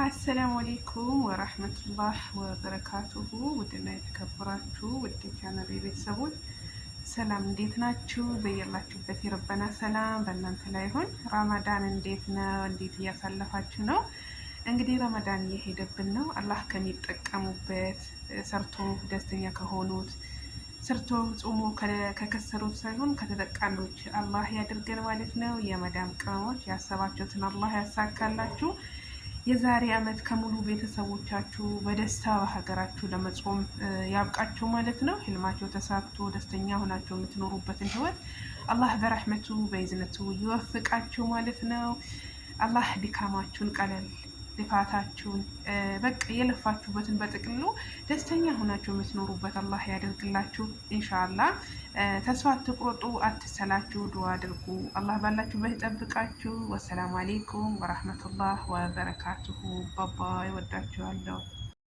አሰላሙ አሌይኩም ወራህመቱላህ ወበረካቱሁ። ውድና የተከበራችሁ ውድ ቻናል ቤተሰቦች ሰላም እንዴት ናችሁ? በየላችሁበት የረበና ሰላም በእናንተ ላይ ይሁን። ረመዳን እንዴት ነው? እንዴት እያሳለፋችሁ ነው? እንግዲህ ረመዳን እየሄደብን ነው። አላህ ከሚጠቀሙበት ሰርቶ ደስተኛ ከሆኑት ሰርቶ ጾሞ ከከሰሩት ሳይሆን ከተጠቃሚዎች አላህ ያድርገን ማለት ነው። የመዳም ቅመሞች ያሰባችሁትን አላህ ያሳካላችሁ። የዛሬ ዓመት ከሙሉ ቤተሰቦቻችሁ በደስታ በሀገራችሁ ለመጾም ያብቃችሁ ማለት ነው። ህልማቸው ተሳክቶ ደስተኛ ሆናቸው የምትኖሩበትን ህይወት አላህ በረህመቱ በይዝነቱ ይወፍቃችሁ ማለት ነው። አላህ ድካማችሁን ቀለል ልፋታችሁን በቃ የለፋችሁበትን በጥቅሉ ደስተኛ ሆናችሁ የምትኖሩበት አላህ ያደርግላችሁ። ኢንሻላ ተስፋ አትቁረጡ፣ አትሰላችሁ፣ ዱዓ አድርጉ። አላህ ባላችሁበት ይጠብቃችሁ። ወሰላሙ አሌይኩም ወራህመቱላህ ወበረካቱሁ። ባባ ይወዳችኋለሁ።